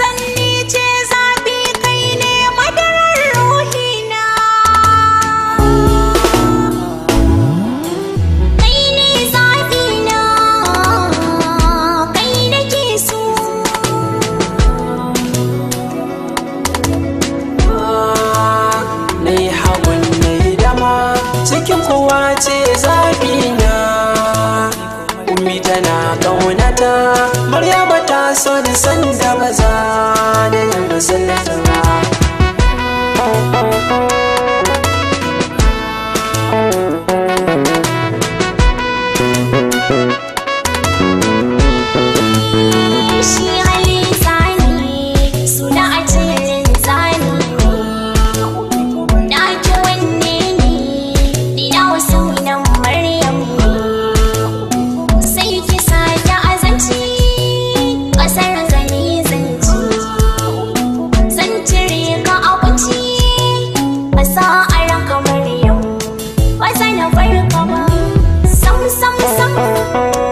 三。nào vay được không sống sống sống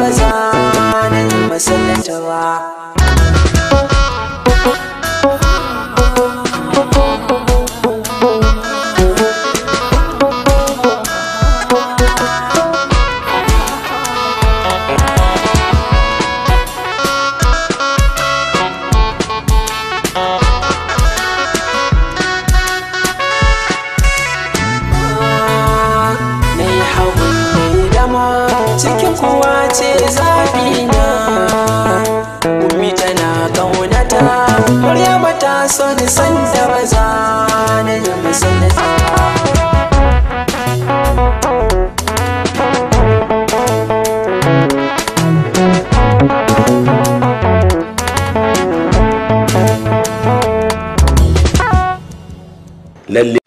ba zanen masallata ba lalle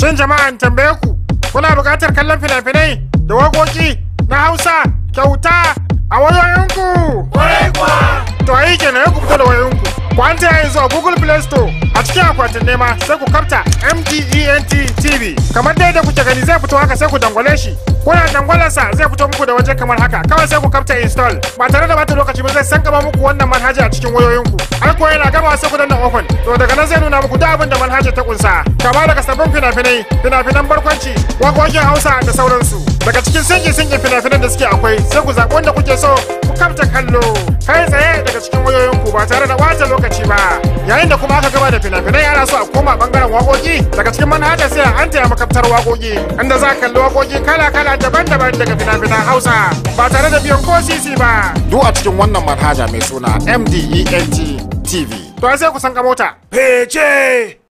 shin jama'an tambaye ku kuna buƙatar kallon fina-finai da waƙoƙi na hausa kyauta a wayoyinku kwarai kuwa to ayi kenan ya ku da wayoyinku ku an yanzu a google play store cikin akwatin nema sai ku kafta mdent tv kamar dai da kuke gani zai fito haka sai ku dangwale shi kuna dangwalarsa zai fito muku da waje kamar haka kawai sai ku kafta install ba tare da bata lokaci ba zai san gaba muku wannan manhaja a cikin wayoyinku har ko yana gama sai ku danna open to daga nan zai nuna muku duk abin da manhaja ta kunsa kama daga sabbin fina-finai fina-finan barkwanci waƙoƙin hausa da sauransu daga cikin singi-singin fina-finan da suke akwai sai ku zaɓi wanda kuke so ku kamta kallo kai tsaye daga cikin wayoyinku ba tare da wata lokaci ba yayin da kuma aka gaba da fina fina-finai ana so a koma bangaren wakoki daga cikin manhaja sai an taya makaftar wakoki inda za kalli wakoki kala-kala daban-daban daga fina-finan hausa ba tare da biyan ko sisi ba duk a cikin wannan manhaja mai suna mdent tv to sai ku san ka mota fece